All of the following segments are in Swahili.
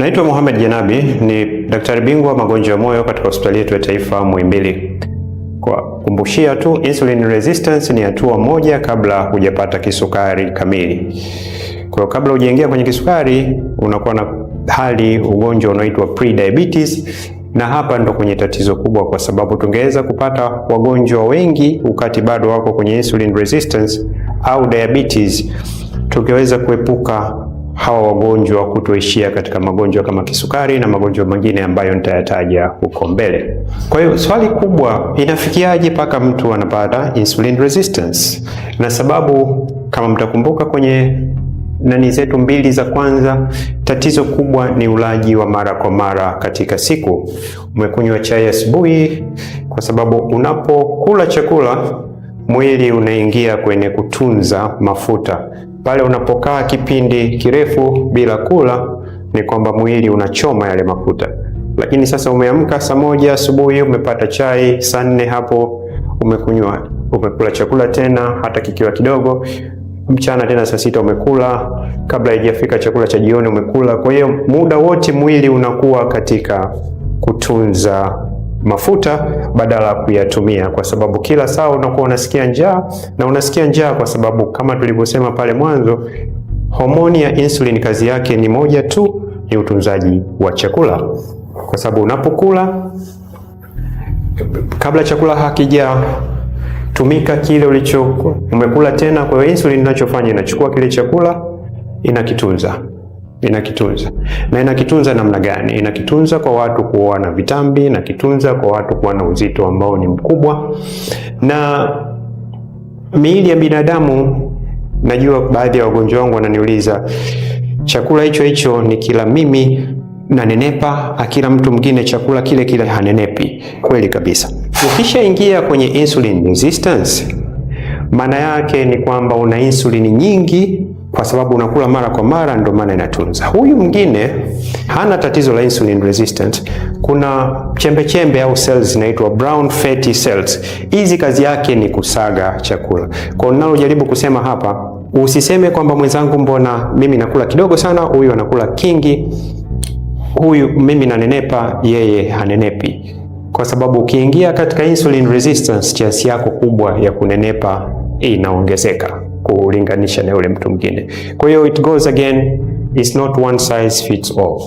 Naitwa Mohamed Janabi, ni daktari bingwa magonjwa ya moyo katika hospitali yetu ya taifa Muhimbili. Kwa kumbushia tu, insulin resistance ni hatua moja kabla hujapata kisukari kamili. Kwa kabla hujaingia kwenye kisukari, unakuwa na hali ugonjwa unaoitwa prediabetes, na hapa ndo kwenye tatizo kubwa, kwa sababu tungeweza kupata wagonjwa wengi wakati bado wako kwenye insulin resistance au diabetes, tungeweza kuepuka hawa wagonjwa kutoishia katika magonjwa kama kisukari na magonjwa mengine ambayo nitayataja huko mbele. Kwa hiyo swali kubwa, inafikiaje mpaka mtu anapata insulin resistance? Na sababu kama mtakumbuka kwenye nani zetu mbili za kwanza, tatizo kubwa ni ulaji wa mara kwa mara katika siku. Umekunywa chai asubuhi, kwa sababu unapokula chakula mwili unaingia kwenye kutunza mafuta pale unapokaa kipindi kirefu bila kula, ni kwamba mwili unachoma yale mafuta. Lakini sasa umeamka saa moja asubuhi, umepata chai saa nne hapo, umekunywa umekula chakula tena, hata kikiwa kidogo mchana tena saa sita umekula, kabla haijafika chakula cha jioni umekula. Kwa hiyo muda wote mwili unakuwa katika kutunza mafuta badala ya kuyatumia, kwa sababu kila saa unakuwa unasikia njaa na unasikia njaa kwa sababu kama tulivyosema pale mwanzo, homoni ya insulin kazi yake ni moja tu, ni utunzaji wa chakula, kwa sababu unapokula kabla chakula hakija tumika kile ulicho umekula tena. Kwa hiyo insulin inachofanya inachukua kile chakula inakitunza inakitunza na inakitunza namna gani? Inakitunza kwa watu kuwa na vitambi, inakitunza kwa watu kuwa na uzito ambao ni mkubwa. Na miili ya binadamu, najua baadhi ya wagonjwa wangu wananiuliza, chakula hicho hicho ni kila mimi nanenepa, akila mtu mwingine chakula kile kile hanenepi. Kweli kabisa. Ukishaingia kwenye insulin resistance, maana yake ni kwamba una insulini nyingi kwa sababu unakula mara kwa mara, ndio maana inatunza. Huyu mwingine hana tatizo la insulin resistant. Kuna chembe chembe au cells zinaitwa brown fatty cells. Hizi kazi yake ni kusaga chakula. Kwa hiyo ninalojaribu kusema hapa, usiseme kwamba mwenzangu, mbona mimi nakula kidogo sana, huyu anakula kingi, huyu mimi nanenepa, yeye hanenepi, kwa sababu ukiingia katika insulin resistance, chance yako kubwa ya kunenepa inaongezeka kulinganisha na yule mtu mwingine. Kwa hiyo it goes again, it's not one size fits all.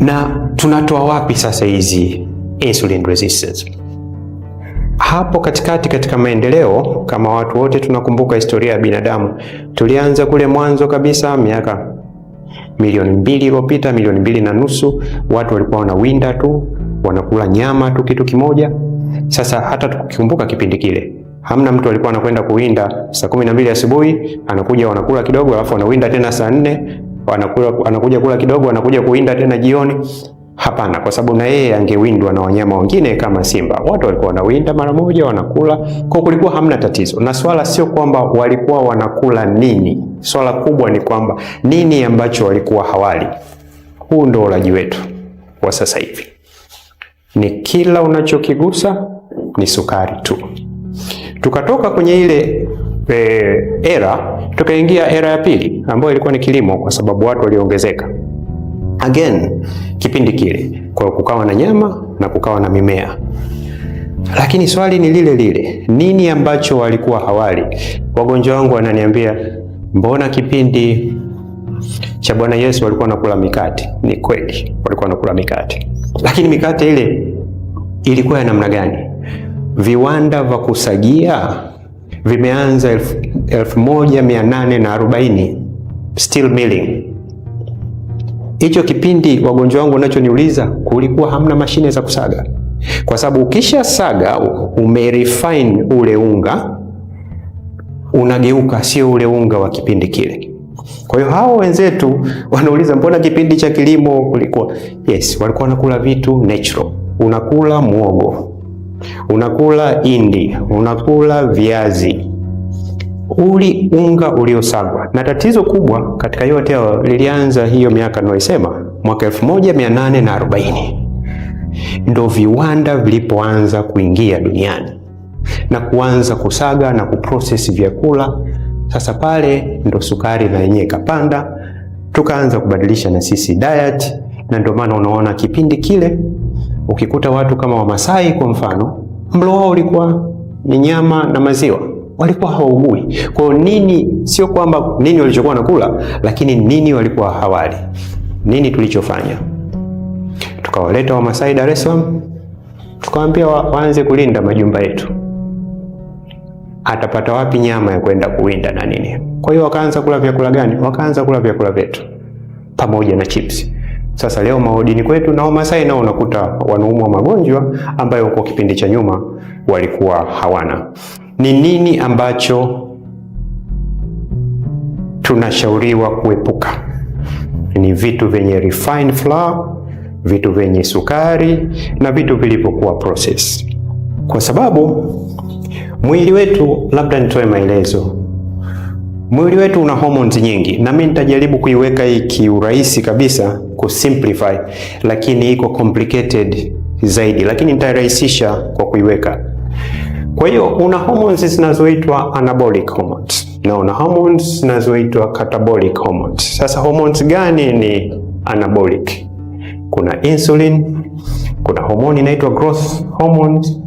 Na tunatoa wapi sasa hizi insulin resistance? Hapo katikati katika maendeleo, kama watu wote tunakumbuka historia ya binadamu, tulianza kule mwanzo kabisa miaka milioni mbili iliyopita, milioni mbili na nusu, watu walikuwa wanawinda tu, wanakula nyama tu, kitu kimoja. Sasa hata tukikumbuka kipindi kile Hamna mtu alikuwa anakwenda kuwinda saa kumi na mbili asubuhi, anakuja wanakula kidogo, alafu anawinda tena saa nne, anakula anakuja kula kidogo, anakuja kuwinda tena jioni. Hapana, kwa sababu na yeye angewindwa na wanyama wengine kama simba. Watu walikuwa wanawinda mara moja, wanakula kwa, kulikuwa hamna tatizo. Na swala sio kwamba walikuwa wanakula nini, swala kubwa ni kwamba nini ambacho walikuwa hawali. Huu ndio ulaji wetu wa sasa hivi, ni kila unachokigusa ni sukari tu. Tukatoka kwenye ile e, era tukaingia era ya pili ambayo ilikuwa ni kilimo, kwa sababu watu waliongezeka again kipindi kile, kwa kukawa na nyama na kukawa na mimea lakini swali ni lile lile, nini ambacho walikuwa hawali? Wagonjwa wangu wananiambia mbona kipindi cha Bwana Yesu walikuwa wanakula mikate? Ni kweli walikuwa wanakula mikate, lakini mikate ile ilikuwa ya namna gani? viwanda vya kusagia vimeanza 1840 steel milling. Hicho kipindi wagonjwa wangu wanachoniuliza, kulikuwa hamna mashine za kusaga, kwa sababu ukisha saga umerefine ule unga unageuka, sio ule unga wa kipindi kile. Kwa hiyo hao wenzetu wanauliza, mbona kipindi cha kilimo kulikuwa? Yes, walikuwa wanakula vitu natural, unakula muogo unakula indi, unakula viazi, uli unga uliosagwa. Na tatizo kubwa katika yote hayo lilianza hiyo miaka ninayoisema, mwaka 1840 ndo viwanda vilipoanza kuingia duniani na kuanza kusaga na kuprocess vyakula. Sasa pale ndo sukari na yenyewe ikapanda, tukaanza kubadilisha na sisi diet, na ndio maana unaona kipindi kile Ukikuta watu kama Wamasai kwa mfano, mlo wao ulikuwa ni nyama na maziwa, walikuwa hawaugui. Kwa hiyo nini, sio kwamba nini walichokuwa nakula, lakini nini walikuwa hawali. Nini tulichofanya? Tukawaleta Wamasai Dar es Salaam, tukawaambia wa, waanze kulinda majumba yetu. Atapata wapi nyama ya kwenda kuwinda na nini? Kwa hiyo wakaanza kula vyakula gani? Wakaanza kula vyakula vyetu pamoja na chipsi. Sasa leo maodini kwetu na Wamasai nao unakuta wanaumwa magonjwa ambayo kwa kipindi cha nyuma walikuwa hawana. Ni nini ambacho tunashauriwa kuepuka? Ni vitu vyenye refined flour, vitu vyenye sukari na vitu vilivyokuwa process, kwa sababu mwili wetu, labda nitoe maelezo Mwili wetu una hormones nyingi, na mimi nitajaribu kuiweka hii kiurahisi kabisa simplify, lakini iko complicated zaidi, lakini nitarahisisha kwa kuiweka. Kwa hiyo una hormones zinazoitwa anabolic hormones na una hormones zinazoitwa catabolic hormones. Sasa hormones gani ni anabolic? Kuna insulin, kuna homoni inaitwa growth hormones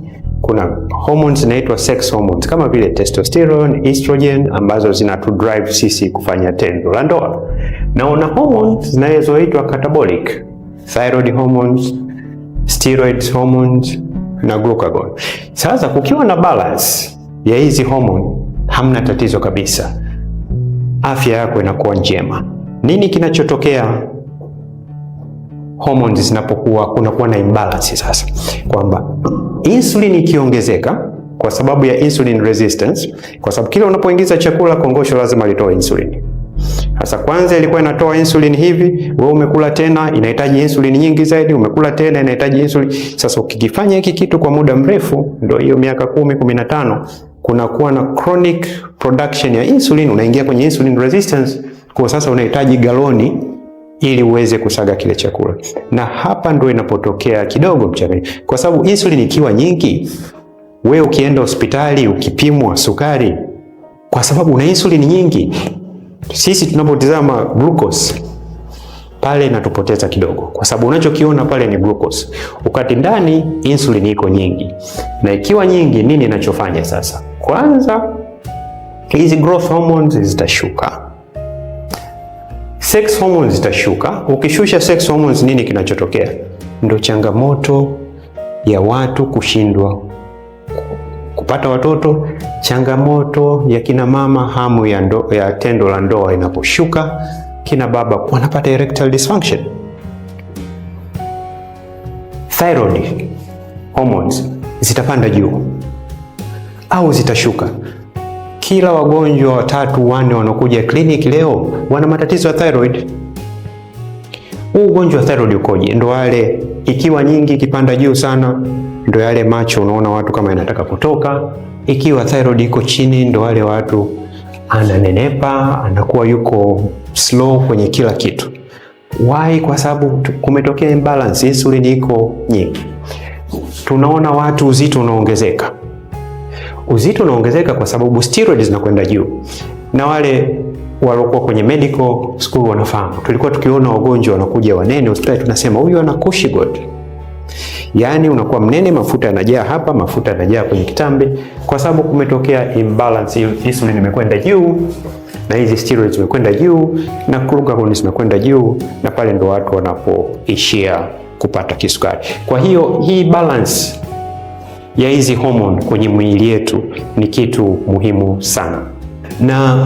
kuna hormones zinaitwa sex hormones kama vile testosterone, estrogen ambazo zinatu drive sisi kufanya tendo la ndoa, na una hormones zinazoitwa catabolic, thyroid hormones, steroid hormones na glucagon. Sasa kukiwa na balance ya hizi hormone, hamna tatizo kabisa, afya yako inakuwa njema. Nini kinachotokea hormones zinapokuwa kunakuwa na imbalance sasa, kwamba insulin ikiongezeka kwa sababu ya insulin resistance, kwa sababu kila unapoingiza chakula kongosho lazima litoe insulin. Sasa kwanza ilikuwa inatoa insulin hivi, wewe umekula tena inahitaji insulin nyingi zaidi, umekula tena inahitaji insulin. Sasa ukikifanya hiki kitu kwa muda mrefu, ndio hiyo miaka kumi, kumi na tano, kunakuwa na chronic production ya insulin, unaingia kwenye insulin resistance. Kwa sasa unahitaji galoni ili uweze kusaga kile chakula, na hapa ndio inapotokea kidogo mchanganyiko, kwa sababu insulin ikiwa nyingi, we ukienda hospitali ukipimwa sukari, kwa sababu una insulin nyingi, sisi tunapotizama glucose pale inatupoteza kidogo, kwa sababu unachokiona pale ni glucose, ukati ndani insulin iko nyingi. Na ikiwa nyingi, nini inachofanya sasa? Kwanza hizi growth hormones zitashuka sex hormones zitashuka. Ukishusha sex hormones, nini kinachotokea? Ndo changamoto ya watu kushindwa kupata watoto, changamoto ya kina mama hamu ya, ndo, ya tendo la ndoa inaposhuka, kina baba wanapata erectile dysfunction. Thyroid hormones zitapanda juu au zitashuka kila wagonjwa watatu wanne wanaokuja kliniki leo wana matatizo ya thyroid. Huu ugonjwa wa thyroid ukoje? Ndo wale ikiwa nyingi ikipanda juu sana, ndo yale macho unaona watu kama yanataka kutoka. Ikiwa thyroid iko chini, ndo wale watu ananenepa, anakuwa yuko slow kwenye kila kitu. Why? Kwa sababu kumetokea imbalance, insulin iko nyingi. Tunaona watu uzito unaongezeka uzito unaongezeka kwa sababu steroids zinakwenda juu, na wale waliokuwa kwenye medical school wanafahamu, tulikuwa tukiona wagonjwa wanakuja wanene hospitali, tunasema huyu ana Cushing-Gold. Yaani unakuwa mnene, mafuta yanajaa hapa, mafuta yanajaa kwenye kitambi, kwa sababu kumetokea imbalance, insulin imekwenda juu na hizi steroids zimekwenda juu na glucagon zimekwenda juu, na pale ndo watu wanapoishia kupata kisukari. Kwa hiyo hii balance ya hizi homoni kwenye mwili yetu ni kitu muhimu sana, na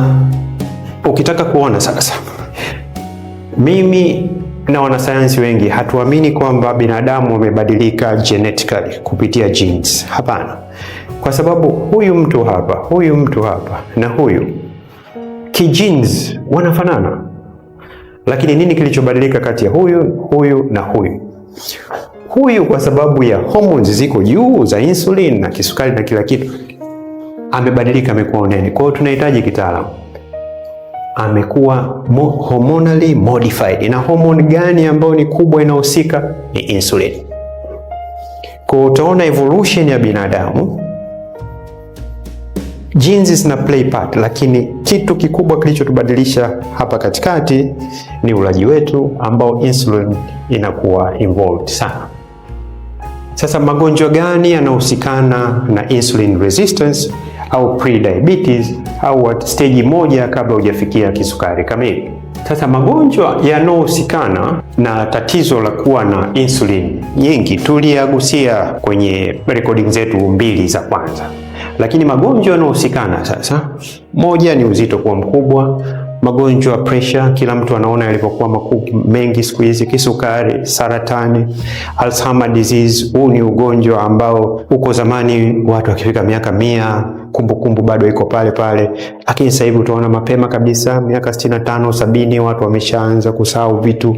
ukitaka kuona sasa, mimi na wanasayansi wengi hatuamini kwamba binadamu wamebadilika genetically kupitia genes. Hapana, kwa sababu huyu mtu hapa, huyu mtu hapa na huyu genes wanafanana, lakini nini kilichobadilika kati ya huyu huyu na huyu? Huyu kwa sababu ya hormones ziko juu za insulin na kisukari na kila kitu, amebadilika, amekuwa unene. Kwa hiyo tunahitaji kitaalamu, amekuwa mo hormonally modified. Na hormone gani ambayo ni kubwa inahusika? Ni insulin. Kwa utaona evolution ya binadamu jinsi zina play part, lakini kitu kikubwa kilichotubadilisha hapa katikati ni ulaji wetu ambao insulin inakuwa involved sana. Sasa magonjwa gani yanahusikana na insulin resistance au prediabetes au stage moja kabla hujafikia kisukari kamili? Sasa magonjwa yanayohusikana na tatizo la kuwa na insulin nyingi tuliyagusia kwenye recording zetu mbili za kwanza, lakini magonjwa yanayohusikana sasa, moja ni uzito kuwa mkubwa magonjwa pressure, kila mtu anaona yalivyokuwa makuu mengi siku hizi, kisukari, saratani, Alzheimer disease. Huu ni ugonjwa ambao uko zamani, watu wakifika miaka mia kumbukumbu bado iko pale pale, lakini sasa hivi utaona mapema kabisa miaka sitini na tano sabini watu wameshaanza kusahau vitu,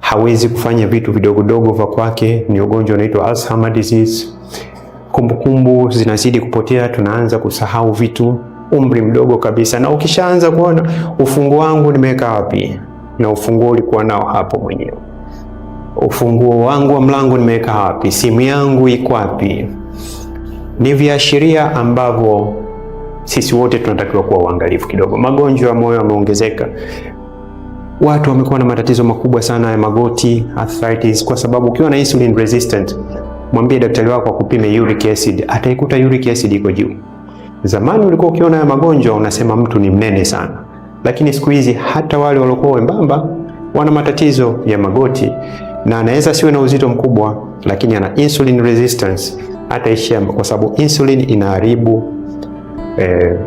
hawezi kufanya vitu vidogodogo vya kwake. Ni ugonjwa unaitwa Alzheimer disease. Kumbukumbu zinazidi kupotea, tunaanza kusahau vitu umri mdogo kabisa, na ukishaanza kuona ufunguo wangu nimeweka wapi, na ufunguo ulikuwa nao hapo mwenyewe, ufunguo wangu wa mlango nimeweka wapi, simu yangu iko wapi, ni viashiria ambavyo sisi wote tunatakiwa kuwa uangalifu kidogo. Magonjwa ya moyo yameongezeka, watu wamekuwa na matatizo makubwa sana ya magoti, arthritis, kwa sababu ukiwa na insulin resistant, mwambie daktari wako akupime uric acid, ataikuta uric acid iko juu. Zamani ulikuwa ukiona haya magonjwa unasema mtu ni mnene sana, lakini siku hizi hata wale waliokuwa wembamba wana matatizo ya magoti, na anaweza siwe na uzito mkubwa, lakini ana insulin resistance, ataishia kwa sababu insulin inaharibu eh,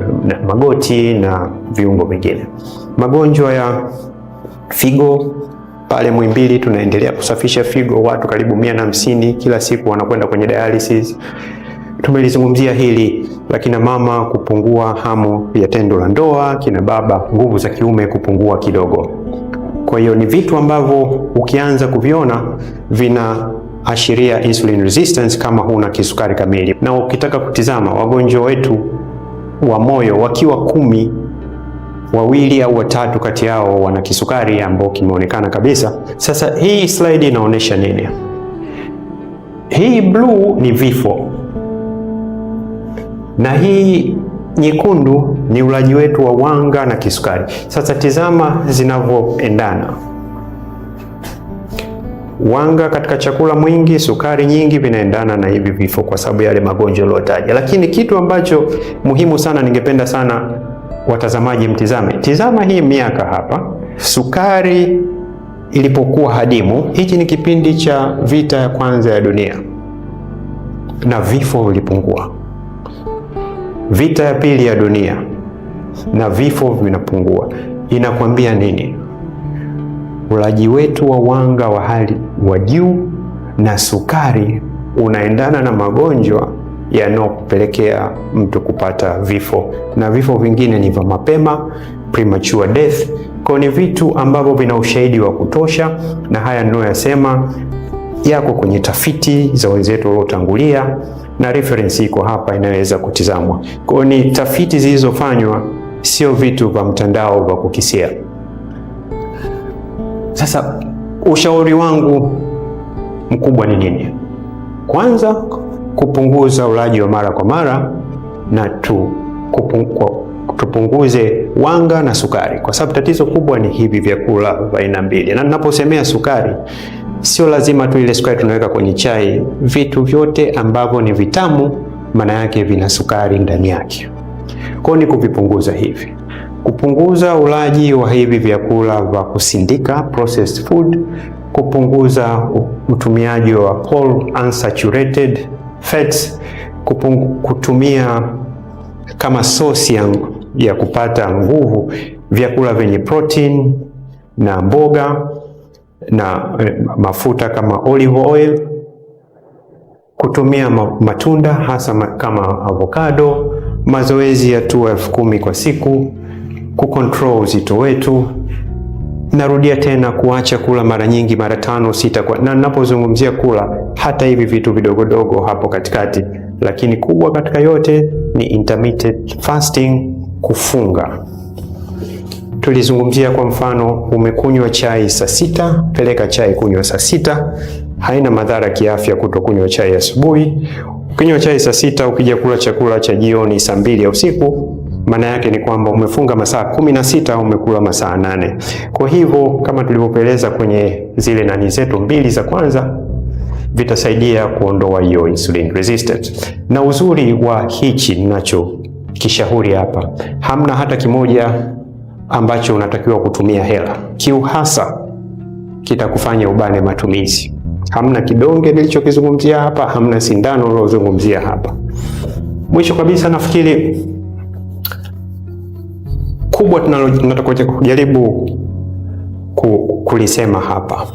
magoti na viungo vingine. Magonjwa ya figo pale Muhimbili tunaendelea kusafisha figo, watu karibu mia na hamsini kila siku wanakwenda kwenye dialysis tumelizungumzia hili la kina mama kupungua hamu ya tendo la ndoa, kina baba nguvu za kiume kupungua kidogo. Kwa hiyo ni vitu ambavyo ukianza kuviona vina ashiria insulin resistance kama huna kisukari kamili. Na ukitaka kutizama wagonjwa wetu wa moyo wakiwa kumi, wawili au watatu kati yao wana kisukari ambao kimeonekana kabisa. Sasa hii slide inaonyesha nini? Hii bluu ni vifo na hii nyekundu ni ulaji wetu wa wanga na kisukari. Sasa tizama zinavyoendana, wanga katika chakula mwingi, sukari nyingi, vinaendana na hivi vifo kwa sababu yale magonjwa yaliyotaja. Lakini kitu ambacho muhimu sana, ningependa sana watazamaji mtizame, tizama hii miaka hapa, sukari ilipokuwa hadimu. Hichi ni kipindi cha vita ya kwanza ya dunia na vifo vilipungua vita ya pili ya dunia na vifo vinapungua. Inakwambia nini? Ulaji wetu wa wanga wa hali wa juu na sukari unaendana na magonjwa yanayopelekea mtu kupata vifo, na vifo vingine ni vya mapema, premature death. Kwa ni vitu ambavyo vina ushahidi wa kutosha, na haya ninayoyasema yako kwenye tafiti za wenzetu waliotangulia na reference iko hapa inayoweza kutizamwa. Kwa ni tafiti zilizofanywa, sio vitu vya mtandao vya kukisia. Sasa ushauri wangu mkubwa ni nini? Kwanza, kupunguza ulaji wa mara kwa mara na tu tupunguze wanga na sukari, kwa sababu tatizo kubwa ni hivi vyakula vya aina mbili, na ninaposemea sukari sio lazima tu ile sukari tunaweka kwenye chai. Vitu vyote ambavyo ni vitamu, maana yake vina sukari ndani yake. Kwa ni kuvipunguza hivi, kupunguza ulaji wa hivi vyakula vya kusindika processed food, kupunguza utumiaji wa all unsaturated fats, kutumia kama sosi ya, ya kupata nguvu vyakula vyenye protein na mboga na eh, mafuta kama olive oil, kutumia matunda hasa kama avocado, mazoezi ya tu elfu kumi kwa siku, kucontrol uzito wetu. Narudia tena kuacha kula mara nyingi, mara tano sita kwa, na ninapozungumzia kula hata hivi vitu vidogodogo hapo katikati, lakini kubwa katika yote ni intermittent fasting, kufunga tulizungumzia kwa mfano, umekunywa chai saa sita, peleka chai kunywa saa sita. Haina madhara kiafya kutokunywa chai asubuhi. Ukinywa chai saa sita, ukija kula chakula cha jioni saa mbili ya usiku, maana yake ni kwamba umefunga masaa kumi na sita au umekula masaa nane. Kwa hivyo kama tulivyopeleza kwenye zile nani zetu mbili za kwanza vitasaidia kuondoa hiyo insulin resistance. Na uzuri wa hichi ninacho kishauri hapa, hamna hata kimoja ambacho unatakiwa kutumia hela. Kiu hasa kitakufanya ubane matumizi. Hamna kidonge nilichokizungumzia hapa, hamna sindano nilozungumzia hapa. Mwisho kabisa, nafikiri kubwa tunatakiwa kujaribu ku, kulisema hapa,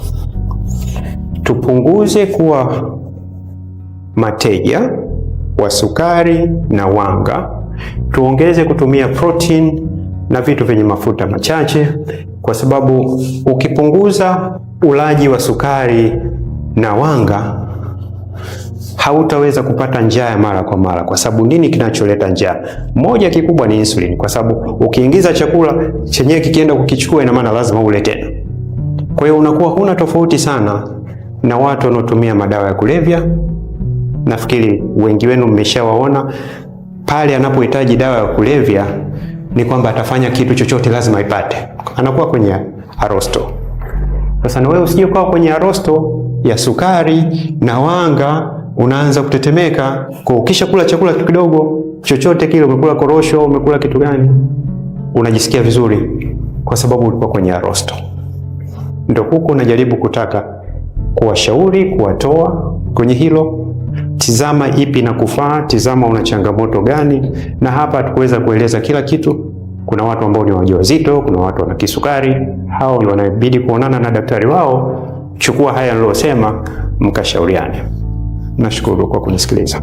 tupunguze kuwa mateja wa sukari na wanga, tuongeze kutumia protein na vitu vyenye mafuta machache, kwa sababu ukipunguza ulaji wa sukari na wanga hautaweza kupata njaa ya mara kwa mara, kwa sababu nini kinacholeta njaa? Moja kikubwa ni insulin, kwa sababu ukiingiza chakula chenyewe kikienda kukichukua, ina maana lazima ule tena. Kwa hiyo unakuwa huna tofauti sana na watu wanaotumia madawa ya kulevya. Nafikiri wengi wenu mmeshawaona pale anapohitaji dawa ya kulevya ni kwamba atafanya kitu chochote lazima ipate, anakuwa kwenye arosto. Sasa na wewe usije ukawa kwenye arosto ya sukari na wanga, unaanza kutetemeka kwa ukisha kula chakula kidogo chochote kile, umekula korosho, umekula kitu gani, unajisikia vizuri kwa sababu ulikuwa kwenye arosto. Ndio huko unajaribu kutaka kuwashauri, kuwatoa kwenye hilo tizama ipi na kufaa tizama una changamoto gani. Na hapa tukuweza kueleza kila kitu. Kuna watu ambao ni wajawazito, kuna watu wana kisukari, hao wanabidi kuonana na daktari wao. Chukua haya nilosema, mkashauriane. Nashukuru kwa kunisikiliza.